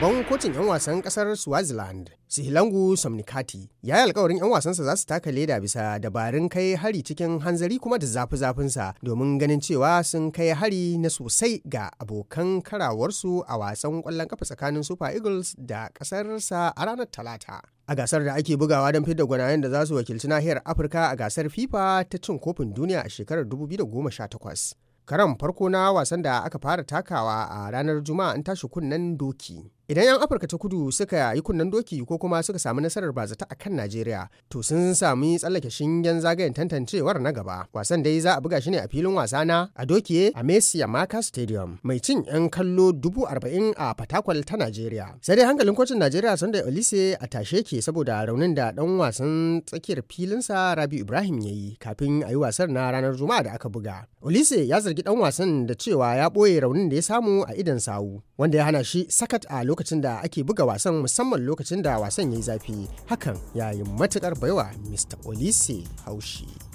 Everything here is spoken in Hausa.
Babban kocin 'yan wasan kasar Swaziland, Sihilangu Somnikati, ya yi alkawarin 'yan wasansa za su taka leda bisa dabarun kai hari cikin hanzari kuma da zafi-zafinsa domin ganin cewa sun kai hari na sosai ga abokan karawarsu a wasan kwallon kafa tsakanin Super Eagles da kasarsa a ranar Talata. a gasar da ake bugawa don fidda gwanayen da za su wakilci nahiyar afirka a gasar fifa ta cin kofin duniya a shekarar 2018 karan farko na wasan da aka fara takawa a ranar juma'a an tashi kunnen doki idan 'yan afirka ta kudu suka yi kunnen doki ko kuma suka samu nasarar bazata a kan najeriya to sun sami tsallake shingen zagayen tantancewar na gaba wasan dai za a buga shi ne a filin wasa na a dokiye a messi maka stadium mai cin 'yan kallo dubu arba'in a fatakwal ta najeriya sai dai hankalin kocin najeriya sun da olise a tashe ke saboda raunin da dan wasan tsakiyar filinsa rabi ibrahim ya yi kafin a yi wasar na ranar juma'a da aka buga olise ya zargi dan wasan da cewa ya ɓoye raunin da ya samu a idon sawu wanda ya hana shi sakat a lokacin lokacin da ake buga wasan musamman lokacin da wasan ya yi zafi hakan ya yi matukar baiwa mr olise haushi